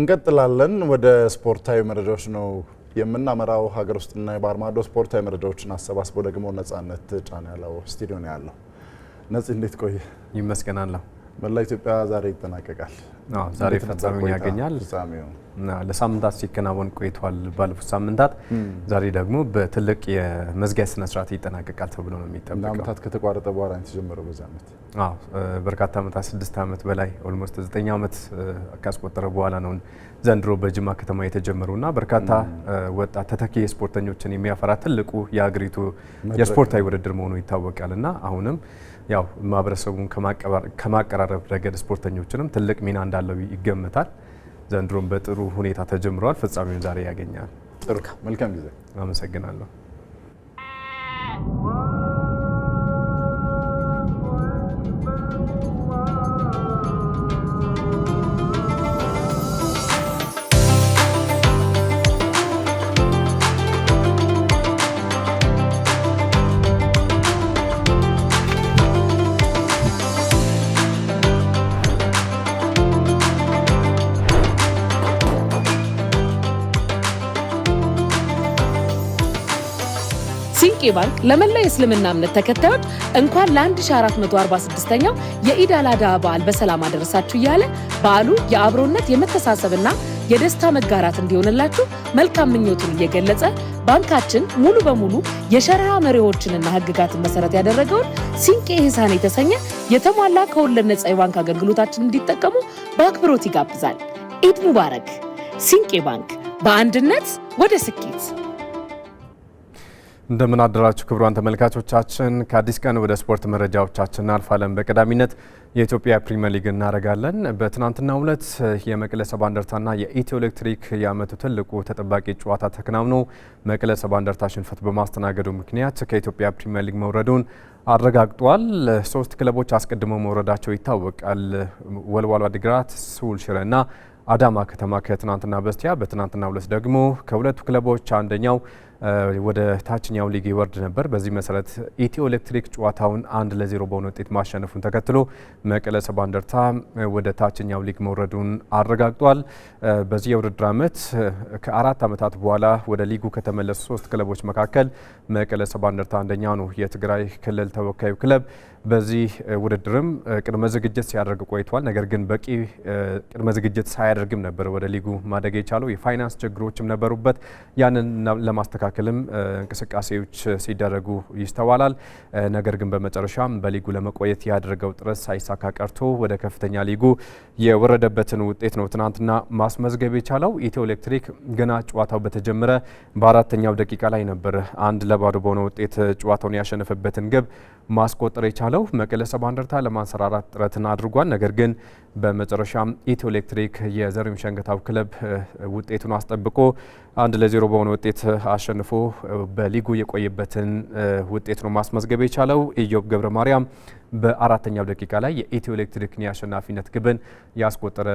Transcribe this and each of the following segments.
እንቀጥላለን። ወደ ስፖርታዊ መረጃዎች ነው የምናመራው። ሀገር ውስጥና የባህር ማዶ ስፖርታዊ መረጃዎችን አሰባስቦ ደግሞ ነጻነት ጫን ያለው ስቱዲዮ ነው ያለው። ነጽ እንዴት ቆየ? ይመስገናለሁ። መላ ኢትዮጵያ ዛሬ ይጠናቀቃል። ዛሬ ፍጻሜውን ያገኛል። ፍጻሜው ለሳምንታት ሲከናወን ቆይቷል። ባለፉት ሳምንታት ዛሬ ደግሞ በትልቅ የመዝጊያ ስነ ስርዓት ይጠናቀቃል ተብሎ ነው የሚጠበቀው። ለአመታት ከተቋረጠ በኋላ ነው የተጀመረው። በዛ አመት በርካታ አመታት ስድስት አመት በላይ ኦልሞስት ዘጠኝ አመት ካስቆጠረ በኋላ ነው ዘንድሮ በጅማ ከተማ የተጀመረውና በርካታ ወጣት ተተኪ የስፖርተኞችን የሚያፈራ ትልቁ የሀገሪቱ የስፖርታዊ ውድድር መሆኑ ይታወቃል እና አሁንም ያው ማህበረሰቡን ከማቀራረብ ረገድ ስፖርተኞችንም ትልቅ ሚና እንዳለው ይገመታል። ዘንድሮም በጥሩ ሁኔታ ተጀምረዋል። ፍጻሜውን ዛሬ ያገኛል። ጥሩ መልካም ጊዜ። አመሰግናለሁ። ሲንቄ ባንክ ለመላ የእስልምና እምነት ተከታዮች እንኳን ለ1446ኛው የኢድ አል አድሃ በዓል በሰላም አደረሳችሁ እያለ በዓሉ የአብሮነት የመተሳሰብና የደስታ መጋራት እንዲሆንላችሁ መልካም ምኞቱን እየገለጸ ባንካችን ሙሉ በሙሉ የሸሪዓ መሪዎችንና ሕግጋትን መሰረት ያደረገውን ሲንቄ ሂሳን የተሰኘ የተሟላ ከወለድ ነፃ የባንክ አገልግሎታችን እንዲጠቀሙ በአክብሮት ይጋብዛል። ኢድ ሙባረክ! ሲንቄ ባንክ በአንድነት ወደ ስኬት እንደምን አደራችሁ ክቡራን ተመልካቾቻችን። ከአዲስ ቀን ወደ ስፖርት መረጃዎቻችን እናልፋለን። በቀዳሚነት የኢትዮጵያ ፕሪሚየር ሊግ እናደርጋለን። በትናንትናው ዕለት የመቀለ ሰባ እንደርታና የኢትዮ ኤሌክትሪክ የዓመቱ ትልቁ ተጠባቂ ጨዋታ ተከናውኖ መቀለ ሰባ እንደርታ ሽንፈት በማስተናገዱ ምክንያት ከኢትዮጵያ ፕሪሚየር ሊግ መውረዱን አረጋግጧል። ሶስት ክለቦች አስቀድመው መውረዳቸው ይታወቃል። ወልዋሎ ዓዲግራት፣ ስሁል ሽረና አዳማ ከተማ ከትናንትና በስቲያ። በትናንትናው ዕለት ደግሞ ከሁለቱ ክለቦች አንደኛው ወደ ታችኛው ሊግ ይወርድ ነበር። በዚህ መሰረት ኢትዮ ኤሌክትሪክ ጨዋታውን አንድ ለዜሮ በሆነ ውጤት ማሸነፉን ተከትሎ መቀለ ሰባ እንደርታ ወደ ታችኛው ሊግ መውረዱን አረጋግጧል። በዚህ የውድድር ዓመት ከአራት ዓመታት በኋላ ወደ ሊጉ ከተመለሱ ሶስት ክለቦች መካከል መቀለ ሰባ እንደርታ አንደኛ ነው። የትግራይ ክልል ተወካዩ ክለብ በዚህ ውድድርም ቅድመ ዝግጅት ሲያደርግ ቆይቷል። ነገር ግን በቂ ቅድመ ዝግጅት ሳያደርግም ነበር ወደ ሊጉ ማደግ የቻለው የፋይናንስ ችግሮችም ነበሩበት። ያንን ለማስተካከል ለማስተካከልም እንቅስቃሴዎች ሲደረጉ ይስተዋላል። ነገር ግን በመጨረሻም በሊጉ ለመቆየት ያደረገው ጥረት ሳይሳካ ቀርቶ ወደ ከፍተኛ ሊጉ የወረደበትን ውጤት ነው ትናንትና ማስመዝገብ የቻለው። ኢትዮ ኤሌክትሪክ ገና ጨዋታው በተጀመረ በአራተኛው ደቂቃ ላይ ነበር አንድ ለባዶ በሆነ ውጤት ጨዋታውን ያሸነፈበትን ግብ ማስቆጠር የቻለው። መቀለ ሰባ እንደርታ ለማንሰራራት ጥረትን አድርጓል። ነገር ግን በመጨረሻም ኢትዮ ኤሌክትሪክ የዘሪሁን ሸንገታው ክለብ ውጤቱን አስጠብቆ አንድ ለዜሮ በሆነ ውጤት አሸንፎ በሊጉ የቆየበትን ውጤት ነው ማስመዝገብ የቻለው ኢዮብ ገብረ ማርያም በአራተኛው ደቂቃ ላይ የኢትዮ ኤሌክትሪክን የአሸናፊነት ግብን ያስቆጠረ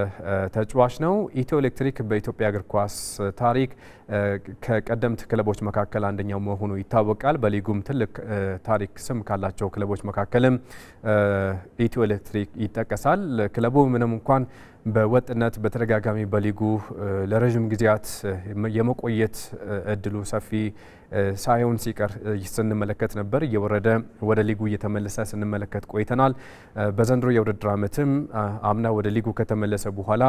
ተጫዋች ነው። ኢትዮ ኤሌክትሪክ በኢትዮጵያ እግር ኳስ ታሪክ ከቀደምት ክለቦች መካከል አንደኛው መሆኑ ይታወቃል። በሊጉም ትልቅ ታሪክ ስም ካላቸው ክለቦች መካከልም ኢትዮ ኤሌክትሪክ ይጠቀሳል። ክለቡ ምንም እንኳን በወጥነት በተደጋጋሚ በሊጉ ለረዥም ጊዜያት የመቆየት እድሉ ሰፊ ሳይሆን ሲቀር ስንመለከት ነበር። እየወረደ ወደ ሊጉ እየተመለሰ ስንመለከት ቆይተናል። በዘንድሮ የውድድር ዓመትም አምና ወደ ሊጉ ከተመለሰ በኋላ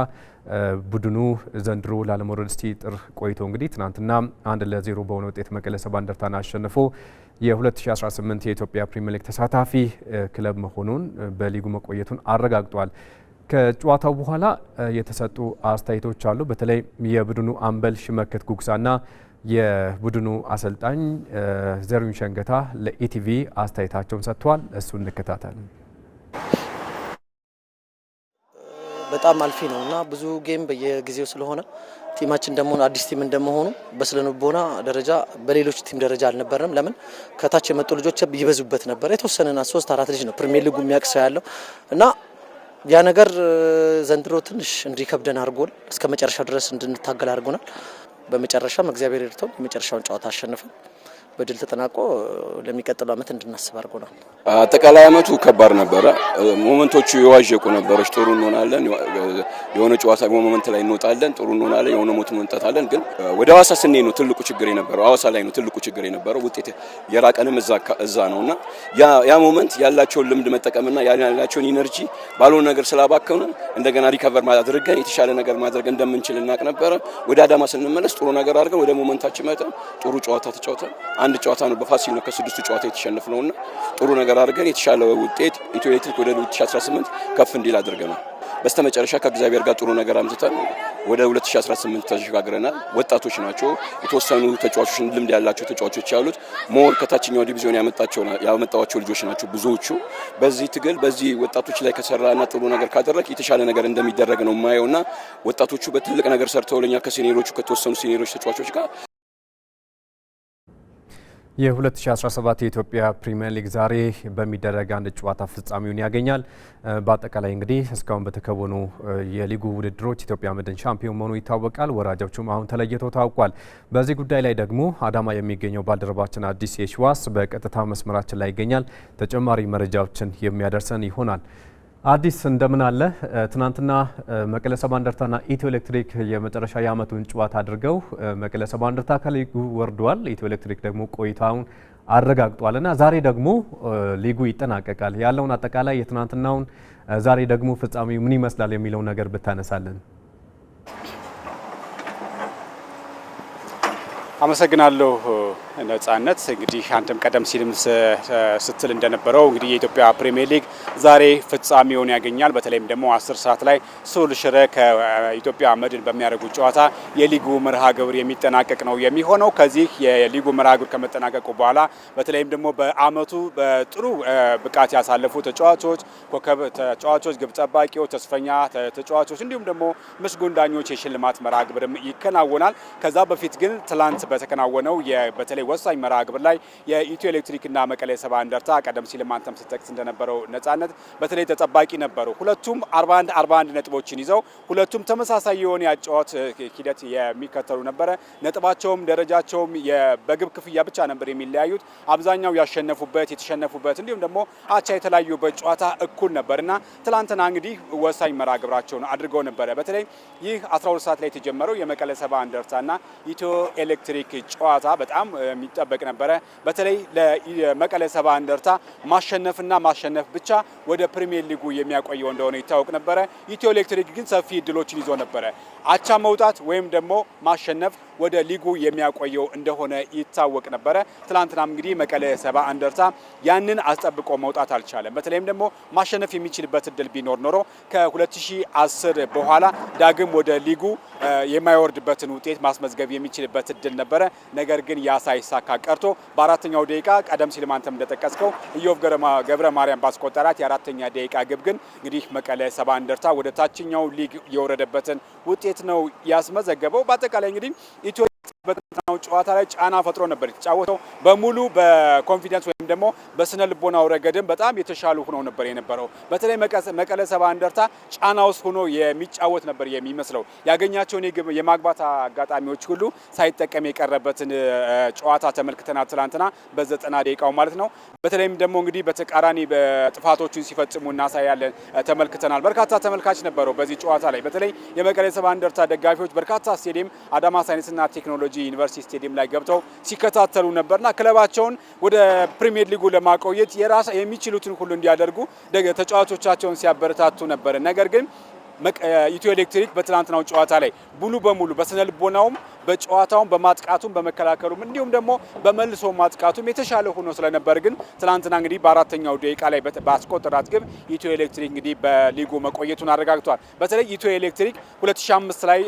ቡድኑ ዘንድሮ ላለመውረድ ጥር ቆይቶ እንግዲህ ትናንትና አንድ ለዜሮ በሆነ ውጤት መቀለ ሰባ እንደርታን አሸንፎ የ2018 የኢትዮጵያ ፕሪሚየር ሊግ ተሳታፊ ክለብ መሆኑን በሊጉ መቆየቱን አረጋግጧል። ከጨዋታው በኋላ የተሰጡ አስተያየቶች አሉ። በተለይ የቡድኑ አምበል ሽመክት ጉጉሳና የቡድኑ አሰልጣኝ ዘሪሁን ሸንገታ ለኢቲቪ አስተያየታቸውን ሰጥተዋል። እሱ እንከታተል። በጣም አልፊ ነው እና ብዙ ጌም በየጊዜው ስለሆነ ቲማችን እንደመሆኑ አዲስ ቲም እንደመሆኑ በስለንቦና ደረጃ በሌሎች ቲም ደረጃ አልነበረም። ለምን ከታች የመጡ ልጆች ይበዙበት ነበር። የተወሰነና ሶስት አራት ልጅ ነው ፕሪሚየር ሊጉ የሚያውቅ ያለው እና ያ ነገር ዘንድሮ ትንሽ እንዲከብደን አድርጎን እስከ መጨረሻ ድረስ እንድንታገል አድርጎናል። በመጨረሻም እግዚአብሔር ይርተው የመጨረሻውን ጨዋታ አሸንፈን በድል ተጠናቆ ለሚቀጥለው አመት እንድናስብ አድርጎናል። አጠቃላይ አመቱ ከባድ ነበረ። ሞመንቶቹ የዋዠቁ ነበረች። ጥሩ እንሆናለን፣ የሆነ ጨዋታ ሞመንት ላይ እንወጣለን፣ ጥሩ እንሆናለን፣ የሆነ ሞት እንወጣታለን። ግን ወደ ሐዋሳ ስንሄድ ነው ትልቁ ችግር የነበረው። ሐዋሳ ላይ ነው ትልቁ ችግር የነበረው። ውጤት የራቀንም እዛ ነው እና ያ ሞመንት ያላቸውን ልምድ መጠቀምና ያላቸውን ኢነርጂ ባልሆነ ነገር ስላባከኑ እንደገና ሪከቨር አድርገን የተሻለ ነገር ማድረግ እንደምንችል እናቅ ነበረ። ወደ አዳማ ስንመለስ ጥሩ ነገር አድርገን ወደ ሞመንታችን መጠን ጥሩ ጨዋታ ተጫውተን አንድ ጨዋታ ነው በፋሲል ነው ከስድስቱ ጨዋታ የተሸነፍነው እና ጥሩ ነገር አድርገን የተሻለ ውጤት ኢትዮ ኤሌክትሪክ ወደ 2018 ከፍ እንዲል አድርገናል። በስተመጨረሻ ከእግዚአብሔር ጋር ጥሩ ነገር አምጥተን ወደ 2018 ተሸጋግረናል። ወጣቶች ናቸው የተወሰኑ ተጫዋቾች ልምድ ያላቸው ተጫዋቾች ያሉት ሞር ከታችኛው ዲቪዚዮን ያመጣዋቸው ልጆች ናቸው ብዙዎቹ። በዚህ ትግል በዚህ ወጣቶች ላይ ከሰራና ጥሩ ነገር ካደረግ የተሻለ ነገር እንደሚደረግ ነው እና ወጣቶቹ በትልቅ ነገር ሰርተው ለኛ ከሲኒሮቹ ከተወሰኑ ሲኒሮች ተጫዋቾች ጋር የ2017 የኢትዮጵያ ፕሪሚየር ሊግ ዛሬ በሚደረግ አንድ ጨዋታ ፍጻሜውን ያገኛል። በአጠቃላይ እንግዲህ እስካሁን በተከወኑ የሊጉ ውድድሮች ኢትዮጵያ መድን ሻምፒዮን መሆኑ ይታወቃል። ወራጆቹም አሁን ተለይቶ ታውቋል። በዚህ ጉዳይ ላይ ደግሞ አዳማ የሚገኘው ባልደረባችን አዲስ የሽዋስ በቀጥታ መስመራችን ላይ ይገኛል። ተጨማሪ መረጃዎችን የሚያደርሰን ይሆናል። አዲስ እንደምን አለ። ትናንትና መቀለ ሰባ እንደርታና ኢትዮ ኤሌክትሪክ የመጨረሻ የአመቱን ጨዋታ አድርገው መቀለ ሰባ እንደርታ ከሊጉ ወርዷል። ኢትዮ ኤሌክትሪክ ደግሞ ቆይታውን እና ዛሬ ደግሞ ሊጉ ይጠናቀቃል። ያለውን አጠቃላይ የትናንትናውን፣ ዛሬ ደግሞ ፍጻሜው ምን ይመስላል የሚለው ነገር ብታነሳለን። አመሰግናለሁ ነጻነት። እንግዲህ አንተም ቀደም ሲልም ስትል እንደነበረው እንግዲህ የኢትዮጵያ ፕሪሚየር ሊግ ዛሬ ፍጻሜውን ያገኛል። በተለይም ደግሞ አስር ሰዓት ላይ ስሁል ሽረ ከኢትዮጵያ መድን በሚያደርጉት ጨዋታ የሊጉ መርሃ ግብር የሚጠናቀቅ ነው የሚሆነው። ከዚህ የሊጉ መርሃ ግብር ከመጠናቀቁ በኋላ በተለይም ደግሞ በአመቱ በጥሩ ብቃት ያሳለፉ ተጫዋቾች፣ ኮከብ ተጫዋቾች፣ ግብ ጠባቂዎች፣ ተስፈኛ ተጫዋቾች እንዲሁም ደግሞ ምስጉን ዳኞች የሽልማት መርሃ ግብርም ይከናወናል። ከዛ በፊት ግን ትላንት በተከናወነው በተለይ ወሳኝ መርሃ ግብር ላይ የኢትዮ ኤሌክትሪክና መቀሌ ሰባ እንደርታ ቀደም ሲል አንተም ስጠቅስ እንደነበረው ነጻነት በተለይ ተጠባቂ ነበሩ። ሁለቱም 41 41 ነጥቦችን ይዘው ሁለቱም ተመሳሳይ የሆነ ያጫወት ሂደት የሚከተሉ ነበረ። ነጥባቸውም ደረጃቸውም በግብ ክፍያ ብቻ ነበር የሚለያዩት። አብዛኛው ያሸነፉበት የተሸነፉበት፣ እንዲሁም ደግሞ አቻ የተለያዩበት ጨዋታ እኩል ነበር እና ትላንትና እንግዲህ ወሳኝ መርሃ ግብራቸውን አድርገው ነበረ። በተለይ ይህ 12 ሰዓት ላይ የተጀመረው የመቀለ ሰባ እንደርታና ኢትዮ ኤሌክትሪክ ኤሌክትሪክ ጨዋታ በጣም የሚጠበቅ ነበረ። በተለይ ለመቀለ ሰባ እንደርታ ማሸነፍና ማሸነፍ ብቻ ወደ ፕሪሚየር ሊጉ የሚያቆየው እንደሆነ ይታወቅ ነበረ። ኢትዮ ኤሌክትሪክ ግን ሰፊ እድሎችን ይዞ ነበረ። አቻ መውጣት ወይም ደግሞ ማሸነፍ ወደ ሊጉ የሚያቆየው እንደሆነ ይታወቅ ነበረ። ትላንትናም እንግዲህ መቀለ ሰባ እንደርታ ያንን አስጠብቆ መውጣት አልቻለም። በተለይም ደግሞ ማሸነፍ የሚችልበት እድል ቢኖር ኖሮ ከ2010 በኋላ ዳግም ወደ ሊጉ የማይወርድበትን ውጤት ማስመዝገብ የሚችልበት እድል ነበረ። ነገር ግን ያ ሳይሳካ ቀርቶ በአራተኛው ደቂቃ ቀደም ሲል አንተም እንደጠቀስከው ኢዮብ ገብረ ማርያም ባስቆጠራት የአራተኛ ደቂቃ ግብ ግን እንግዲህ መቀለ ሰባ እንደርታ ወደ ታችኛው ሊግ የወረደበትን ውጤት ነው ያስመዘገበው። በአጠቃላይ እንግዲህ በትናንትናው ጨዋታ ላይ ጫና ፈጥሮ ነበር የተጫወተው። በሙሉ በኮንፊደንስ ወይም ደግሞ በስነ ልቦናው ረገድም በጣም የተሻሉ ሆኖ ነበር የነበረው። በተለይ መቀለ ሰባ እንደርታ ጫና ውስጥ ሆኖ የሚጫወት ነበር የሚመስለው። ያገኛቸውን የማግባት አጋጣሚዎች ሁሉ ሳይጠቀም የቀረበትን ጨዋታ ተመልክተናል። ትናንትና በዘጠና ደቂቃው ማለት ነው። በተለይም ደግሞ እንግዲህ በተቃራኒ ጥፋቶቹን ሲፈጽሙ እናሳያለን ተመልክተናል። በርካታ ተመልካች ነበረው በዚህ ጨዋታ ላይ በተለይ የመቀለ ሰባ እንደርታ ደጋፊዎች በርካታ ስቴዲየም አዳማ ሳይንስና ቴክኖሎጂ ቴክኖሎጂ ዩኒቨርሲቲ ስቴዲየም ላይ ገብተው ሲከታተሉ ነበርና ክለባቸውን ወደ ፕሪሚየር ሊጉ ለማቆየት የራስ የሚችሉትን ሁሉ እንዲያደርጉ ተጫዋቾቻቸውን ሲያበረታቱ ነበር። ነገር ግን ኢትዮ ኤሌክትሪክ በትናንትናው ጨዋታ ላይ ሙሉ በሙሉ በስነ ልቦናውም በጨዋታውም በማጥቃቱም በመከላከሉም እንዲሁም ደግሞ በመልሶ ማጥቃቱም የተሻለ ሆኖ ስለነበር ግን ትናንትና እንግዲህ በአራተኛው ደቂቃ ላይ በአስቆጠራት ግብ ኢትዮ ኤሌክትሪክ እንግዲህ በሊጉ መቆየቱን አረጋግጧል። በተለይ ኢትዮ ኤሌክትሪክ 2005 ላይ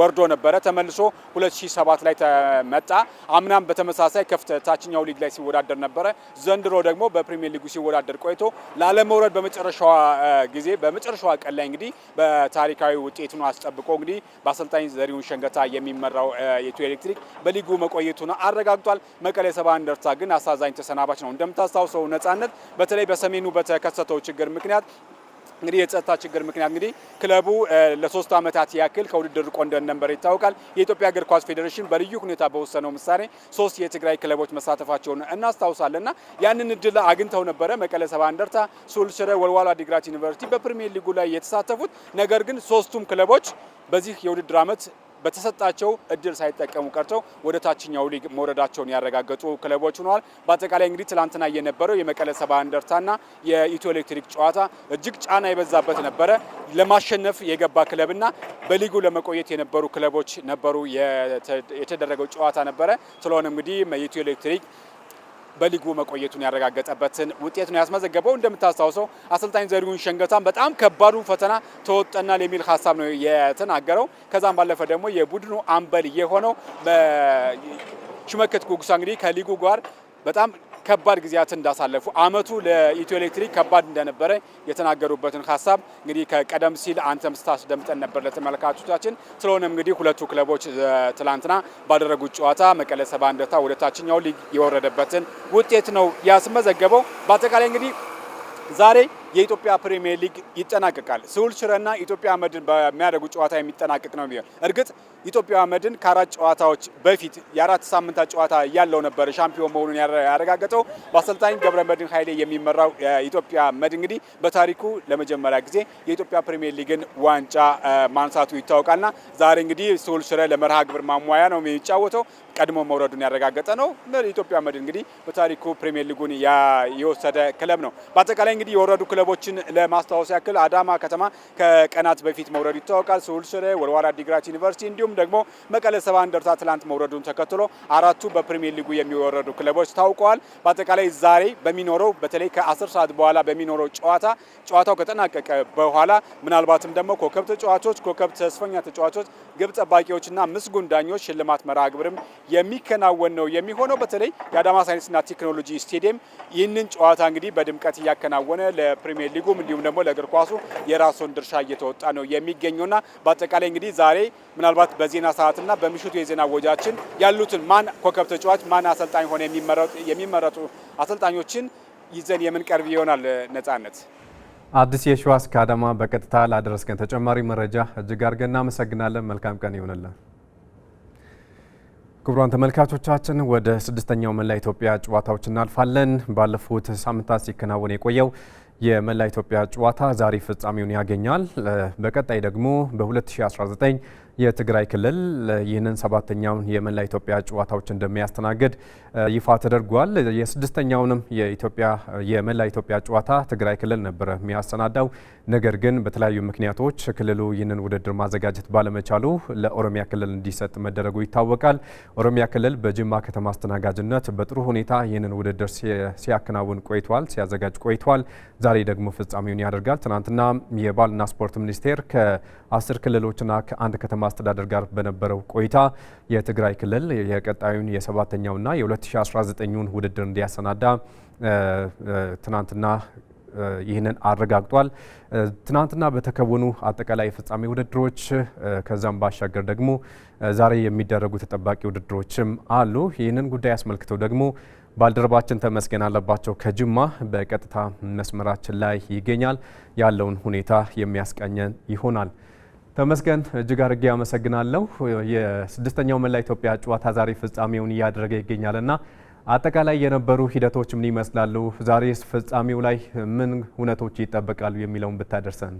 ወርዶ ነበረ፣ ተመልሶ 2007 ላይ ተመጣ። አምናም በተመሳሳይ ከፍተ ታችኛው ሊግ ላይ ሲወዳደር ነበረ። ዘንድሮ ደግሞ በፕሪሚየር ሊጉ ሲወዳደር ቆይቶ ላለመውረድ በመጨረሻዋ ጊዜ በመጨረሻዋ ቀን ላይ እንግዲህ እንግዲህ በታሪካዊ ውጤቱን አስጠብቆ እንግዲህ በአሰልጣኝ ዘሪሁን ሸንገታ የሚመራው የኢትዮ ኤሌክትሪክ በሊጉ መቆየቱን አረጋግጧል። መቀሌ ሰባ እንደርታ ግን አሳዛኝ ተሰናባች ነው። እንደምታስታውሰው ነጻነት በተለይ በሰሜኑ በተከሰተው ችግር ምክንያት እንግዲህ የጸጥታ ችግር ምክንያት እንግዲህ ክለቡ ለሶስት ዓመታት ያክል ከውድድር ርቆ እንደነበር ይታወቃል። የኢትዮጵያ እግር ኳስ ፌዴሬሽን በልዩ ሁኔታ በወሰነው ምሳሌ ሶስት የትግራይ ክለቦች መሳተፋቸውን እናስታውሳለን ያንን እድል አግኝተው ነበረ መቀለ ሰባ እንደርታ፣ ሱልሽረ፣ ወልዋሎ ዓዲግራት ዩኒቨርሲቲ በፕሪሚየር ሊጉ ላይ የተሳተፉት ነገር ግን ሶስቱም ክለቦች በዚህ የውድድር ዓመት በተሰጣቸው እድል ሳይጠቀሙ ቀርተው ወደ ታችኛው ሊግ መውረዳቸውን ያረጋገጡ ክለቦች ሆነዋል። በአጠቃላይ እንግዲህ ትላንትና የነበረው የመቀለ ሰባ እንደርታና የኢትዮ ኤሌክትሪክ ጨዋታ እጅግ ጫና የበዛበት ነበረ። ለማሸነፍ የገባ ክለብና በሊጉ ለመቆየት የነበሩ ክለቦች ነበሩ የተደረገው ጨዋታ ነበረ። ስለሆነ እንግዲህ የኢትዮ ኤሌክትሪክ በሊጉ መቆየቱን ያረጋገጠበትን ውጤት ነው ያስመዘገበው። እንደምታስታውሰው አሰልጣኝ ዘሪሁን ሸንገታን በጣም ከባዱ ፈተና ተወጠናል የሚል ሀሳብ ነው የተናገረው። ከዛም ባለፈ ደግሞ የቡድኑ አምበል የሆነው ሽመክት ጉጉሳ እንግዲህ ከሊጉ ጋር በጣም ከባድ ጊዜያትን እንዳሳለፉ አመቱ ለኢትዮ ኤሌክትሪክ ከባድ እንደነበረ የተናገሩበትን ሀሳብ እንግዲህ ከቀደም ሲል አንተም ስታስደምጠን ነበር ለተመልካቾቻችን። ስለሆነም እንግዲህ ሁለቱ ክለቦች ትላንትና ባደረጉት ጨዋታ መቀለ ሰባ እንደርታ ወደ ታችኛው ሊግ የወረደበትን ውጤት ነው ያስመዘገበው። በአጠቃላይ እንግዲህ ዛሬ የኢትዮጵያ ፕሪሚየር ሊግ ይጠናቀቃል። ስሁል ሽረና ኢትዮጵያ መድን በሚያደርጉ ጨዋታ የሚጠናቀቅ ነው የሚሆን። እርግጥ ኢትዮጵያ መድን ከአራት ጨዋታዎች በፊት የአራት ሳምንታት ጨዋታ ያለው ነበር ሻምፒዮን መሆኑን ያረጋገጠው። በአሰልጣኝ ገብረ መድን ኃይሌ የሚመራው የኢትዮጵያ መድን እንግዲህ በታሪኩ ለመጀመሪያ ጊዜ የኢትዮጵያ ፕሪሚየር ሊግን ዋንጫ ማንሳቱ ይታወቃልና ዛሬ እንግዲህ ስሁል ሽረ ለመርሃ ግብር ማሟያ ነው የሚጫወተው። ቀድሞ መውረዱን ያረጋገጠ ነው። ኢትዮጵያ መድን እንግዲህ በታሪኩ ፕሪሚየር ሊጉን የወሰደ ክለብ ነው። በአጠቃላይ እንግዲህ የወረዱ ክለቦችን ለማስታወስ ያክል አዳማ ከተማ ከቀናት በፊት መውረዱ ይታወቃል። ስሁል ሽሬ፣ ወልዋራ ዲግራት ዩኒቨርሲቲ እንዲሁም ደግሞ መቀለ ሰባ እንደርታ ትላንት መውረዱን ተከትሎ አራቱ በፕሪሚየር ሊጉ የሚወረዱ ክለቦች ታውቀዋል። በአጠቃላይ ዛሬ በሚኖረው በተለይ ከ10 ሰዓት በኋላ በሚኖረው ጨዋታ ጨዋታው ከጠናቀቀ በኋላ ምናልባትም ደግሞ ኮከብ ተጫዋቾች፣ ኮከብ ተስፈኛ ተጫዋቾች፣ ግብ ጠባቂዎችና ምስጉን ዳኞች ሽልማት መርሃ ግብርም የሚከናወን ነው የሚሆነው። በተለይ የአዳማ ሳይንስና ቴክኖሎጂ ስቴዲየም ይህንን ጨዋታ እንግዲህ በድምቀት እያከናወነ ለፕሪሚየር ሊጉም እንዲሁም ደግሞ ለእግር ኳሱ የራሱን ድርሻ እየተወጣ ነው የሚገኘውና በአጠቃላይ እንግዲህ ዛሬ ምናልባት በዜና ሰዓትና በምሽቱ የዜና ወጃችን ያሉትን ማን ኮከብ ተጫዋች ማን አሰልጣኝ ሆነ የሚመረጡ አሰልጣኞችን ይዘን የምንቀርብ ይሆናል። ነጻነት አዲስ የሸዋስ ከአዳማ በቀጥታ ላደረስከን ተጨማሪ መረጃ እጅግ አድርገን እናመሰግናለን። መልካም ቀን ይሆንልን። ክቡራን ተመልካቾቻችን ወደ ስድስተኛው መላ ኢትዮጵያ ጨዋታዎች እናልፋለን። ባለፉት ሳምንታት ሲከናወን የቆየው የመላ ኢትዮጵያ ጨዋታ ዛሬ ፍጻሜውን ያገኛል። በቀጣይ ደግሞ በ2019 የትግራይ ክልል ይህንን ሰባተኛውን የመላ ኢትዮጵያ ጨዋታዎች እንደሚያስተናግድ ይፋ ተደርጓል። የስድስተኛውንም የኢትዮጵያ የመላ ኢትዮጵያ ጨዋታ ትግራይ ክልል ነበረ የሚያሰናዳው። ነገር ግን በተለያዩ ምክንያቶች ክልሉ ይህንን ውድድር ማዘጋጀት ባለመቻሉ ለኦሮሚያ ክልል እንዲሰጥ መደረጉ ይታወቃል። ኦሮሚያ ክልል በጅማ ከተማ አስተናጋጅነት በጥሩ ሁኔታ ይህንን ውድድር ሲያከናውን ቆይቷል፣ ሲያዘጋጅ ቆይቷል። ዛሬ ደግሞ ፍጻሜውን ያደርጋል። ትናንትና የባህልና ስፖርት ሚኒስቴር ከ አስር ክልሎችና ከአንድ ከተማ አስተዳደር ጋር በነበረው ቆይታ የትግራይ ክልል የቀጣዩን የሰባተኛውና የ2019ን ውድድር እንዲያሰናዳ ትናንትና ይህንን አረጋግጧል። ትናንትና በተከወኑ አጠቃላይ የፍጻሜ ውድድሮች ከዛም ባሻገር ደግሞ ዛሬ የሚደረጉ ተጠባቂ ውድድሮችም አሉ። ይህንን ጉዳይ አስመልክተው ደግሞ ባልደረባችን ተመስገን አለባቸው ከጅማ በቀጥታ መስመራችን ላይ ይገኛል። ያለውን ሁኔታ የሚያስቃኘን ይሆናል። ተመስገን እጅግ አድርጌ አመሰግናለሁ። የስድስተኛው መላ ኢትዮጵያ ጨዋታ ዛሬ ፍጻሜውን እያደረገ ይገኛልና አጠቃላይ የነበሩ ሂደቶች ምን ይመስላሉ? ዛሬ ፍጻሜው ላይ ምን እውነቶች ይጠበቃሉ የሚለውን ብታደርሰን።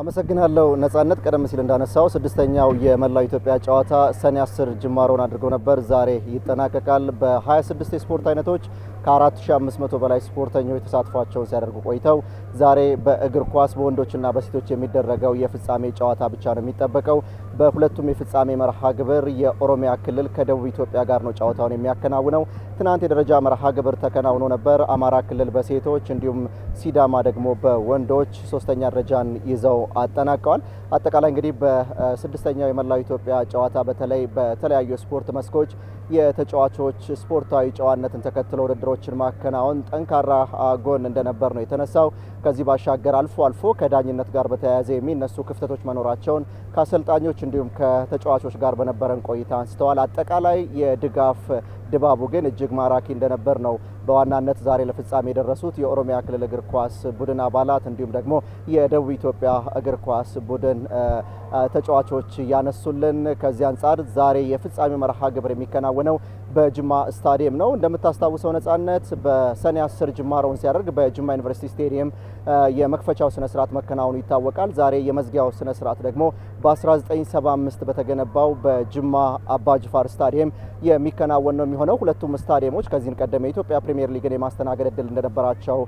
አመሰግናለሁ ነጻነት። ቀደም ሲል እንዳነሳው ስድስተኛው የመላው ኢትዮጵያ ጨዋታ ሰኔ 10 ጅማሮን አድርጎ ነበር። ዛሬ ይጠናቀቃል። በ26 የስፖርት አይነቶች ከ4500 በላይ ስፖርተኞች ተሳትፏቸውን ሲያደርጉ ቆይተው ዛሬ በእግር ኳስ በወንዶችና በሴቶች የሚደረገው የፍጻሜ ጨዋታ ብቻ ነው የሚጠበቀው። በሁለቱም የፍጻሜ መርሃ ግብር የኦሮሚያ ክልል ከደቡብ ኢትዮጵያ ጋር ነው ጨዋታውን የሚያከናውነው። ትናንት የደረጃ መርሃ ግብር ተከናውኖ ነበር። አማራ ክልል በሴቶች እንዲሁም ሲዳማ ደግሞ በወንዶች ሶስተኛ ደረጃን ይዘው አጠናቀዋል። አጠቃላይ እንግዲህ በስድስተኛው የመላው ኢትዮጵያ ጨዋታ በተለይ በተለያዩ ስፖርት መስኮች የተጫዋቾች ስፖርታዊ ጨዋነትን ተከትሎ ውድድሮችን ማከናወን ጠንካራ ጎን እንደነበር ነው የተነሳው። ከዚህ ባሻገር አልፎ አልፎ ከዳኝነት ጋር በተያያዘ የሚነሱ ክፍተቶች መኖራቸውን ከአሰልጣኞች እንዲሁም ከተጫዋቾች ጋር በነበረን ቆይታ አንስተዋል። አጠቃላይ የድጋፍ ድባቡ ግን እጅግ ማራኪ እንደነበር ነው በዋናነት ዛሬ ለፍጻሜ የደረሱት የኦሮሚያ ክልል እግር ኳስ ቡድን አባላት እንዲሁም ደግሞ የደቡብ ኢትዮጵያ እግር ኳስ ቡድን ተጫዋቾች ያነሱልን። ከዚህ አንጻር ዛሬ የፍጻሜ መርሃ ግብር የሚከናወነው በጅማ ስታዲየም ነው። እንደምታስታውሰው ነጻነት በሰኔ 10 ጅማሮውን ሲያደርግ በጅማ ዩኒቨርሲቲ ስታዲየም የመክፈቻው ስነስርዓት መከናወኑ ይታወቃል። ዛሬ የመዝጊያው ስነስርዓት ደግሞ በ1975 በተገነባው በጅማ አባጅፋር ስታዲየም የሚከናወን ነው የሚሆነው። ሁለቱም ስታዲየሞች ከዚህን ቀደም የኢትዮጵያ ፕሪምየር ሊግን የማስተናገድ እድል እንደነበራቸው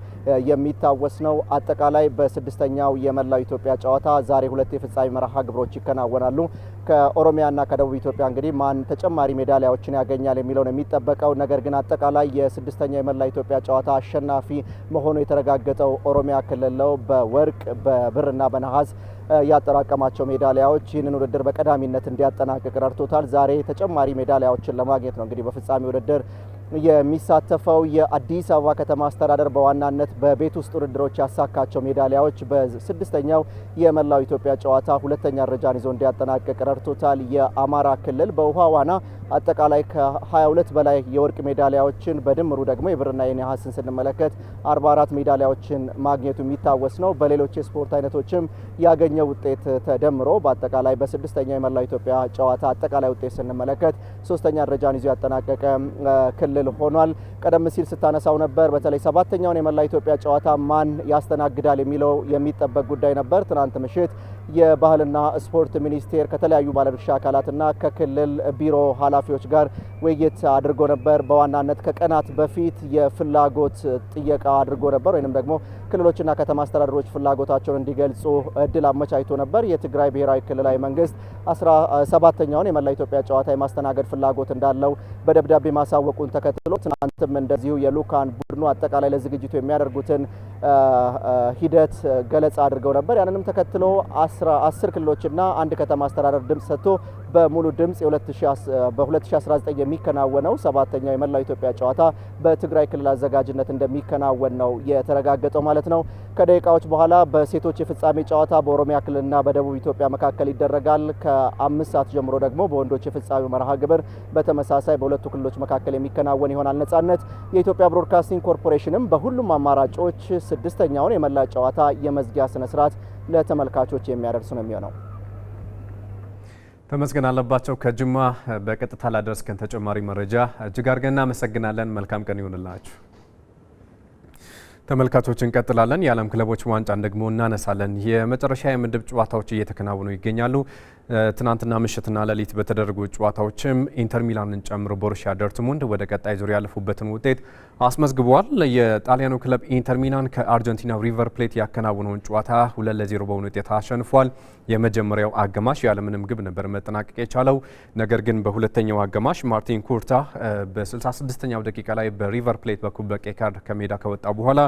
የሚታወስ ነው። አጠቃላይ በስድስተኛው የመላው ኢትዮጵያ ጨዋታ ዛሬ ሁለት የፍጻሜ መርሃ ግብሮች ይከናወናሉ። ከኦሮሚያና ከደቡብ ኢትዮጵያ እንግዲህ ማን ተጨማሪ ሜዳሊያዎችን ያገኛል የሚለው ነው የሚጠበቀው። ነገር ግን አጠቃላይ የስድስተኛ የመላ ኢትዮጵያ ጨዋታ አሸናፊ መሆኑ የተረጋገጠው ኦሮሚያ ክልል ነው። በወርቅ በብርና በነሐስ ያጠራቀማቸው ሜዳሊያዎች ይህንን ውድድር በቀዳሚነት እንዲያጠናቅቅ ረድቶታል። ዛሬ ተጨማሪ ሜዳሊያዎችን ለማግኘት ነው እንግዲህ በፍጻሜ ውድድር የሚሳተፈው የአዲስ አበባ ከተማ አስተዳደር በዋናነት በቤት ውስጥ ውድድሮች ያሳካቸው ሜዳሊያዎች በስድስተኛው የመላው ኢትዮጵያ ጨዋታ ሁለተኛ ደረጃን ይዞ እንዲያጠናቀቅ ረድቶታል። የአማራ ክልል በውሃ ዋና አጠቃላይ ከ22 በላይ የወርቅ ሜዳሊያዎችን በድምሩ ደግሞ የብርና የነሐስን ስንመለከት 44 ሜዳሊያዎችን ማግኘቱ የሚታወስ ነው። በሌሎች የስፖርት አይነቶችም ያገኘው ውጤት ተደምሮ በአጠቃላይ በስድስተኛው የመላው ኢትዮጵያ ጨዋታ አጠቃላይ ውጤት ስንመለከት ሶስተኛ ደረጃን ይዞ ያጠናቀቀ ክልል ክልል ሆኗል። ቀደም ሲል ስታነሳው ነበር። በተለይ ሰባተኛውን የመላ ኢትዮጵያ ጨዋታ ማን ያስተናግዳል የሚለው የሚጠበቅ ጉዳይ ነበር። ትናንት ምሽት የባህልና ስፖርት ሚኒስቴር ከተለያዩ ባለድርሻ አካላትና ከክልል ቢሮ ኃላፊዎች ጋር ውይይት አድርጎ ነበር። በዋናነት ከቀናት በፊት የፍላጎት ጥየቃ አድርጎ ነበር፣ ወይም ደግሞ ክልሎችና ከተማ አስተዳደሮች ፍላጎታቸውን እንዲገልጹ እድል አመቻችቶ ነበር። የትግራይ ብሔራዊ ክልላዊ መንግስት አስራ ሰባተኛውን የመላ ኢትዮጵያ ጨዋታ የማስተናገድ ፍላጎት እንዳለው በደብዳቤ ማሳወቁን ተከትሎ ትናንትም እንደዚሁ የሉካን ቡድኑ አጠቃላይ ለዝግጅቱ የሚያደርጉትን ሂደት ገለጻ አድርገው ነበር። ያንንም ተከትሎ አስር ክልሎችና አንድ ከተማ አስተዳደር ድምፅ ሰጥቶ በሙሉ ድምጽ በ2019 የሚከናወነው ሰባተኛው የመላው ኢትዮጵያ ጨዋታ በትግራይ ክልል አዘጋጅነት እንደሚከናወን ነው የተረጋገጠው ማለት ነው። ከደቂቃዎች በኋላ በሴቶች የፍጻሜ ጨዋታ በኦሮሚያ ክልልና በደቡብ ኢትዮጵያ መካከል ይደረጋል። ከአምስት ሰዓት ጀምሮ ደግሞ በወንዶች የፍጻሜ መርሃ ግብር በተመሳሳይ በሁለቱ ክልሎች መካከል የሚከናወን ይሆናል። ነጻነት የኢትዮጵያ ብሮድካስቲንግ ኮርፖሬሽንም በሁሉም አማራጮች ስድስተኛውን የመላ ጨዋታ የመዝጊያ ስነስርዓት ለተመልካቾች የሚያደርስ ነው የሚሆነው። ተመስገን አለባቸው ከጅማ በቀጥታ ላደረስከን ተጨማሪ መረጃ እጅግ አድርገን እናመሰግናለን። መልካም ቀን ይሁንላችሁ። ተመልካቾች እንቀጥላለን። የዓለም ክለቦች ዋንጫን ደግሞ እናነሳለን። የመጨረሻ የምድብ ጨዋታዎች እየተከናወኑ ይገኛሉ። ትናንትና ምሽትና ሌሊት በተደረጉ ጨዋታዎችም ኢንተር ሚላንን ጨምሮ ቦሩሲያ ዶርትሙንድ ወደ ቀጣይ ዙር ያለፉበትን ውጤት አስመዝግቧል። የጣሊያኑ ክለብ ኢንተር ሚላን ከአርጀንቲና ሪቨር ፕሌት ያከናውነውን ጨዋታ ሁለት ለዜሮ በሆነ ውጤት አሸንፏል። የመጀመሪያው አጋማሽ ያለምንም ግብ ነበር መጠናቀቅ የቻለው። ነገር ግን በሁለተኛው አጋማሽ ማርቲን ኩርታ በ66ኛው ደቂቃ ላይ በሪቨር ፕሌት በኩል በቀይ ካርድ ከሜዳ ከወጣ በኋላ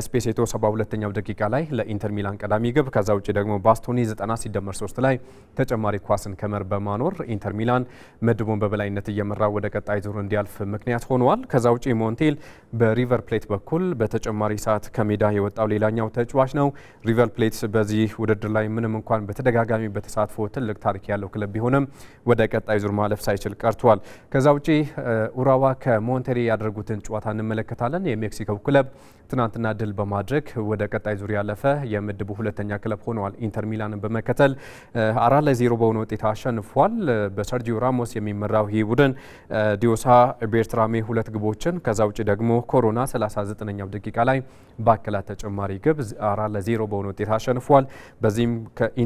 ኤስፔሴቶ 72ኛው ደቂቃ ላይ ለኢንተር ሚላን ቀዳሚ ግብ፣ ከዛ ውጭ ደግሞ ባስቶኒ 90 ሲደመር 3 ላይ ተጨማሪ ኳስን ከመር በማኖር ኢንተር ሚላን ምድቡን በበላይነት እየመራ ወደ ቀጣይ ዙር እንዲያልፍ ምክንያት ሆነዋል። ከዛ ውጪ ሞንቴል በሪቨር ፕሌት በኩል በተጨማሪ ሰዓት ከሜዳ የወጣው ሌላኛው ተጫዋች ነው። ሪቨር ፕሌት በዚህ ውድድር ላይ ምንም እንኳን በተደጋጋሚ በተሳትፎ ትልቅ ታሪክ ያለው ክለብ ቢሆንም ወደ ቀጣይ ዙር ማለፍ ሳይችል ቀርቷል። ከዛ ውጪ ኡራዋ ከሞንቴሬ ያደረጉትን ጨዋታ እንመለከታለን። የሜክሲኮው ክለብ ትናንትና ድል በማድረግ ወደ ቀጣይ ዙር ያለፈ የምድቡ ሁለተኛ ክለብ ሆነዋል። ኢንተር ሚላንን በመከተል አራት ለዜሮ በሆነ ውጤት አሸንፏል። በሰርጂዮ ራሞስ የሚመራው ይህ ቡድን ዲዮሳ ቤርትራሜ ሁለት ግቦችን ከዛ ውጭ ደግሞ ኮሮና 39ኛው ደቂቃ ላይ ባከላት ተጨማሪ ግብ አራት ለዜሮ በሆነ ውጤት አሸንፏል። በዚህም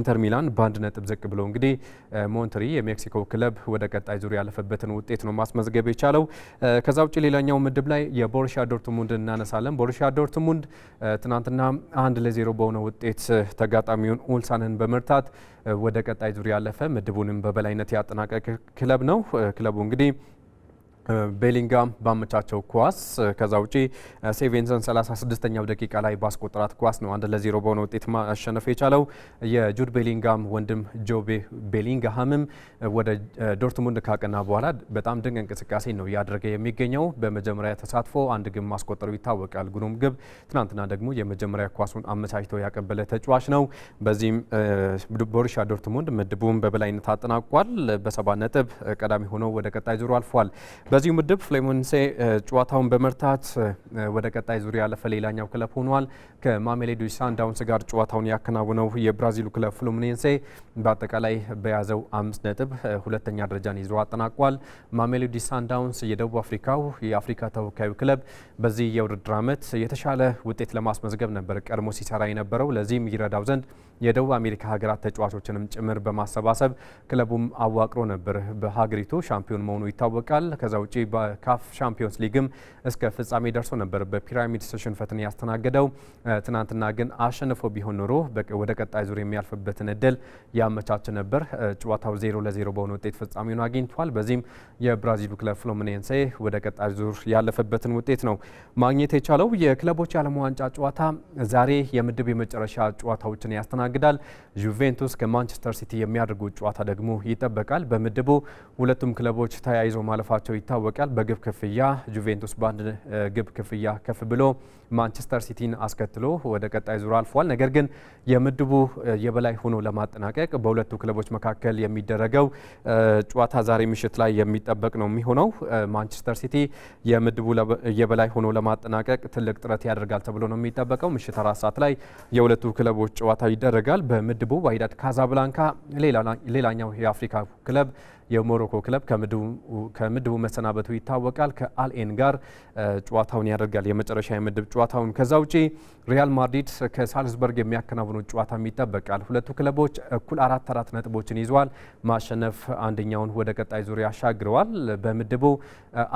ኢንተር ሚላን በአንድ ነጥብ ዝቅ ብሎ እንግዲህ ሞንትሪ የሜክሲኮ ክለብ ወደ ቀጣይ ዙር ያለፈበትን ውጤት ነው ማስመዝገብ የቻለው። ከዛ ውጭ ሌላኛው ምድብ ላይ የቦሩሺያ ዶርትሙንድ እናነሳለን። ቦሩሺያ ዶርትሙንድ ትናንትና አንድ ለዜሮ በሆነ ውጤት ተጋጣሚውን ኡልሳንን በመርታት ወደ ቀጣይ ዙር ያለፈ ምድቡንም በበላይነት ያጠናቀቀ ክለብ ነው። ክለቡ እንግዲህ ቤሊንጋም ባመቻቸው ኳስ ከዛ ውጪ ሴቬንሰን 36ኛው ደቂቃ ላይ ባስቆጠራት ኳስ ነው አንድ ለዜሮ በሆነ ውጤት ማሸነፍ የቻለው። የጁድ ቤሊንጋም ወንድም ጆቤ ቤሊንግሃምም ወደ ዶርትሙንድ ካቀና በኋላ በጣም ድንቅ እንቅስቃሴ ነው እያደረገ የሚገኘው። በመጀመሪያ ተሳትፎ አንድ ግብ ማስቆጠሩ ይታወቃል። ግሩም ግብ። ትናንትና ደግሞ የመጀመሪያ ኳሱን አመቻችቶ ያቀበለ ተጫዋች ነው። በዚህም ቦሩሻ ዶርትሙንድ ምድቡን በበላይነት አጠናቋል። በሰባ ነጥብ ቀዳሚ ሆኖ ወደ ቀጣይ ዙሩ አልፏል። በዚሁ ምድብ ፍሌሞንሴ ጨዋታውን በመርታት ወደ ቀጣይ ዙሪያ ያለፈ ሌላኛው ክለብ ሆኗል። ከማሜሎዲ ሳንዳውንስ ጋር ጨዋታውን ያከናውነው የብራዚሉ ክለብ ፍሉሚኔንሴ በአጠቃላይ በያዘው አምስት ነጥብ ሁለተኛ ደረጃን ይዞ አጠናቋል። ማሜሎዲ ሳንዳውንስ የደቡብ አፍሪካው የአፍሪካ ተወካዩ ክለብ በዚህ የውድድር ዓመት የተሻለ ውጤት ለማስመዝገብ ነበር ቀድሞ ሲሰራ የነበረው። ለዚህም ይረዳው ዘንድ የደቡብ አሜሪካ ሀገራት ተጫዋቾችንም ጭምር በማሰባሰብ ክለቡም አዋቅሮ ነበር። በሀገሪቱ ሻምፒዮን መሆኑ ይታወቃል። ከዛ ውጪ በካፍ ሻምፒዮንስ ሊግም እስከ ፍጻሜ ደርሶ ነበር በፒራሚድ ሽንፈትን ያስተናገደው። ትናንትና ግን አሸንፎ ቢሆን ኖሮ ወደ ቀጣይ ዙር የሚያልፍበትን እድል ያመቻች ነበር። ጨዋታው ዜሮ ለዜሮ በሆነ ውጤት ፍጻሜውን አግኝቷል። በዚህም የብራዚሉ ክለብ ፍሎምኔንሴ ወደ ቀጣይ ዙር ያለፈበትን ውጤት ነው ማግኘት የቻለው። የክለቦች የዓለም ዋንጫ ጨዋታ ዛሬ የምድብ የመጨረሻ ጨዋታዎችን ያስተናግዳል። ዩቬንቱስ ከማንቸስተር ሲቲ የሚያደርጉት ጨዋታ ደግሞ ይጠበቃል። በምድቡ ሁለቱም ክለቦች ተያይዞ ማለፋቸው ይታል ይታወቃል። በግብ ክፍያ ጁቬንቱስ በአንድ ግብ ክፍያ ከፍ ብሎ ማንቸስተር ሲቲን አስከትሎ ወደ ቀጣይ ዙር አልፏል። ነገር ግን የምድቡ የበላይ ሆኖ ለማጠናቀቅ በሁለቱ ክለቦች መካከል የሚደረገው ጨዋታ ዛሬ ምሽት ላይ የሚጠበቅ ነው የሚሆነው። ማንቸስተር ሲቲ የምድቡ የበላይ ሆኖ ለማጠናቀቅ ትልቅ ጥረት ያደርጋል ተብሎ ነው የሚጠበቀው። ምሽት አራት ሰዓት ላይ የሁለቱ ክለቦች ጨዋታ ይደረጋል። በምድቡ ዋይዳድ ካዛብላንካ ሌላኛው የአፍሪካ ክለብ የሞሮኮ ክለብ ከምድቡ መሰናበቱ ይታወቃል። ከአልኤን ጋር ጨዋታውን ያደርጋል የመጨረሻ የምድብ ጨዋታውን። ከዛ ውጪ ሪያል ማድሪድ ከሳልዝበርግ የሚያከናውኑት ጨዋታም ይጠበቃል። ሁለቱ ክለቦች እኩል አራት አራት ነጥቦችን ይዘዋል። ማሸነፍ አንደኛውን ወደ ቀጣይ ዙሪያ አሻግረዋል። በምድቡ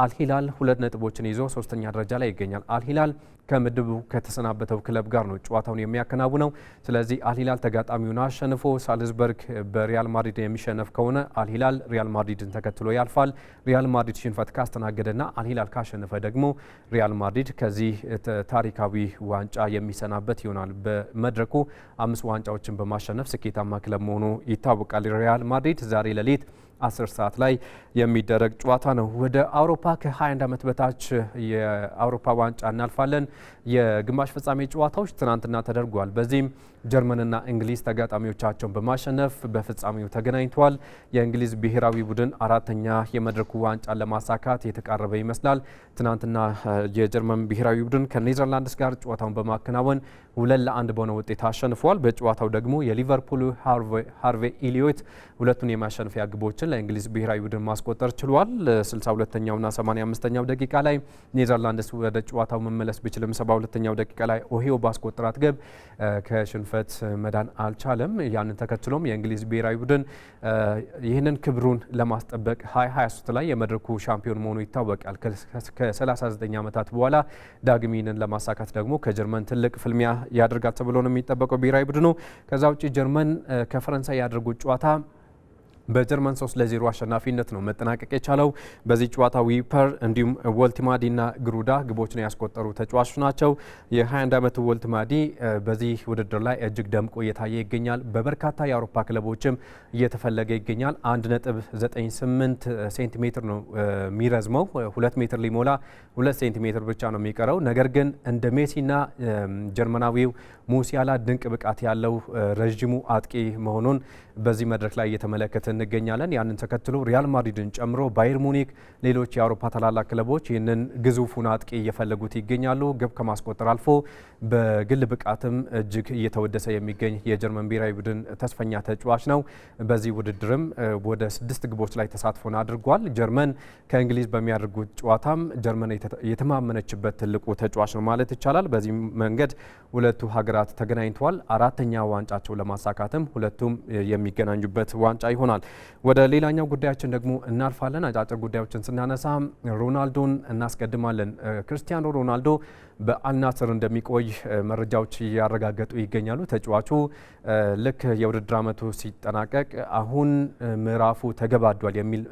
አልሂላል ሁለት ነጥቦችን ይዞ ሶስተኛ ደረጃ ላይ ይገኛል። አልሂላል ከምድቡ ከተሰናበተው ክለብ ጋር ነው ጨዋታውን የሚያከናውነው። ስለዚህ አልሂላል ተጋጣሚውን አሸንፎ ሳልዝበርግ በሪያል ማድሪድ የሚሸነፍ ከሆነ አልሂላል ሪያል ማድሪድን ተከትሎ ያልፋል። ሪያል ማድሪድ ሽንፈት ካስተናገደና አልሂላል ካሸነፈ ደግሞ ሪያል ማድሪድ ከዚህ ታሪካዊ ዋንጫ የሚሰናበት ይሆናል። በመድረኩ አምስት ዋንጫዎችን በማሸነፍ ስኬታማ ክለብ መሆኑ ይታወቃል። ሪያል ማድሪድ ዛሬ ሌሊት 10 ሰዓት ላይ የሚደረግ ጨዋታ ነው። ወደ አውሮፓ ከ21 ዓመት በታች የአውሮፓ ዋንጫ እናልፋለን። የግማሽ ፍጻሜ ጨዋታዎች ትናንትና ተደርጓል። በዚህም ጀርመንና እንግሊዝ ተጋጣሚዎቻቸውን በማሸነፍ በፍጻሜው ተገናኝተዋል። የእንግሊዝ ብሔራዊ ቡድን አራተኛ የመድረኩ ዋንጫን ለማሳካት የተቃረበ ይመስላል። ትናንትና የጀርመን ብሔራዊ ቡድን ከኔዘርላንድስ ጋር ጨዋታውን በማከናወን ሁለት ለአንድ በሆነ ውጤት አሸንፏል። በጨዋታው ደግሞ የሊቨርፑል ሃርቬ ኢሊዮት ሁለቱን የማሸንፊያ ግቦችን ለእንግሊዝ ብሔራዊ ቡድን ማስቆጠር ችሏል። 62ኛውና 85ኛው ደቂቃ ላይ ኔዘርላንድስ ወደ ጨዋታው መመለስ ቢችልም 72ኛው ደቂቃ ላይ ኦሄዮ ባስቆጠራት ግብ ከሽንፈ ሽንፈት መዳን አልቻለም። ያንን ተከትሎም የእንግሊዝ ብሔራዊ ቡድን ይህንን ክብሩን ለማስጠበቅ 2023 ላይ የመድረኩ ሻምፒዮን መሆኑ ይታወቃል። ከ39 ዓመታት በኋላ ዳግም ይህንን ለማሳካት ደግሞ ከጀርመን ትልቅ ፍልሚያ ያደርጋል ተብሎ ነው የሚጠበቀው ብሔራዊ ቡድኑ። ከዛ ውጭ ጀርመን ከፈረንሳይ ያደርጉት ጨዋታ በጀርመን 3 ለ0 አሸናፊነት ነው መጠናቀቅ የቻለው። በዚህ ጨዋታ ዊፐር እንዲሁም ና ግሩዳ ግቦችን ያስቆጠሩ ተጫዋቾች ናቸው። የ21 ዓመቱ ወልቲማዲ በዚህ ውድድር ላይ እጅግ ደምቆ እየታየ ይገኛል። በበርካታ የአውሮፓ ክለቦችም እየተፈለገ ይገኛል። 1.98 ሴንቲሜትር ነው የሚረዝመው። 2 ሜትር ሊሞላ 2 ሴንቲሜትር ብቻ ነው የሚቀረው። ነገር ግን እንደ ሜሲና ጀርመናዊው ሙሲያላ ድንቅ ብቃት ያለው ረዥሙ አጥቂ መሆኑን በዚህ መድረክ ላይ እየተመለከተ እንገኛለን። ያንን ተከትሎ ሪያል ማድሪድን ጨምሮ ባየር ሙኒክ፣ ሌሎች የአውሮፓ ታላላቅ ክለቦች ይህንን ግዙፉን አጥቂ እየፈለጉት ይገኛሉ። ግብ ከማስቆጠር አልፎ በግል ብቃትም እጅግ እየተወደሰ የሚገኝ የጀርመን ብሔራዊ ቡድን ተስፈኛ ተጫዋች ነው። በዚህ ውድድርም ወደ ስድስት ግቦች ላይ ተሳትፎን አድርጓል። ጀርመን ከእንግሊዝ በሚያደርጉት ጨዋታም ጀርመን የተማመነችበት ትልቁ ተጫዋች ነው ማለት ይቻላል። በዚህ መንገድ ሁለቱ ሀገራት ተገናኝተዋል። አራተኛ ዋንጫቸው ለማሳካትም ሁለቱም የሚ የሚገናኙበት ዋንጫ ይሆናል። ወደ ሌላኛው ጉዳያችን ደግሞ እናልፋለን። አጫጭር ጉዳዮችን ስናነሳ ሮናልዶን እናስቀድማለን። ክርስቲያኖ ሮናልዶ በአልናስር እንደሚቆይ መረጃዎች እያረጋገጡ ይገኛሉ። ተጫዋቹ ልክ የውድድር ዓመቱ ሲጠናቀቅ አሁን ምዕራፉ ተገባዷል የሚል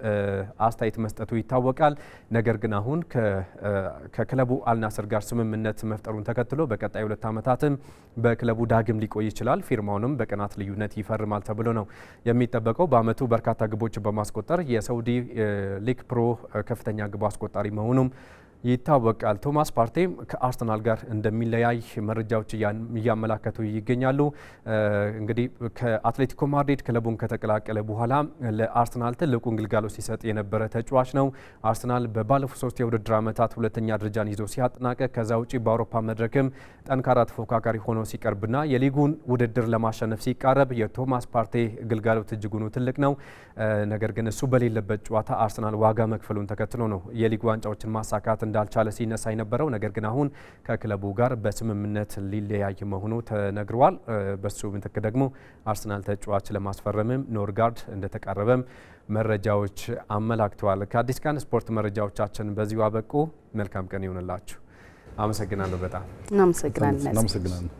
አስተያየት መስጠቱ ይታወቃል። ነገር ግን አሁን ከክለቡ አልናስር ጋር ስምምነት መፍጠሩን ተከትሎ በቀጣይ ሁለት ዓመታትም በክለቡ ዳግም ሊቆይ ይችላል። ፊርማውንም በቀናት ልዩነት ይፈርማል ተብሎ ነው የሚጠበቀው። በዓመቱ በርካታ ግቦችን በማስቆጠር የሳውዲ ሊግ ፕሮ ከፍተኛ ግብ አስቆጣሪ መሆኑም ይታወቃል። ቶማስ ፓርቴ ከአርሰናል ጋር እንደሚለያይ መረጃዎች እያመላከቱ ይገኛሉ። እንግዲህ ከአትሌቲኮ ማድሪድ ክለቡን ከተቀላቀለ በኋላ ለአርሰናል ትልቁን ግልጋሎት ሲሰጥ የነበረ ተጫዋች ነው። አርሰናል በባለፉት ሶስት የውድድር ዓመታት ሁለተኛ ደረጃን ይዞ ሲያጠናቀቅ ከዛ ውጪ በአውሮፓ መድረክም ጠንካራ ተፎካካሪ ሆኖ ሲቀርብና የሊጉን ውድድር ለማሸነፍ ሲቃረብ የቶማስ ፓርቴ ግልጋሎት እጅጉኑ ትልቅ ነው። ነገር ግን እሱ በሌለበት ጨዋታ አርሰናል ዋጋ መክፈሉን ተከትሎ ነው የሊጉ ዋንጫዎችን ማሳካት እንዳልቻለ ሲነሳ የነበረው ነገር ግን አሁን ከክለቡ ጋር በስምምነት ሊለያይ መሆኑ ተነግሯል። በሱ ምትክ ደግሞ አርሰናል ተጫዋች ለማስፈረምም ኖርጋርድ እንደተቃረበም መረጃዎች አመላክተዋል። ከአዲስ ቀን ስፖርት መረጃዎቻችን በዚሁ አበቁ። መልካም ቀን ይሆንላችሁ። አመሰግናለሁ። በጣም እናመሰግናለን።